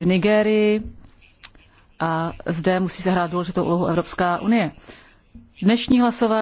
v Nigérii a zde musí sehrát důležitou úlohu Evropská unie. Dnešní hlasování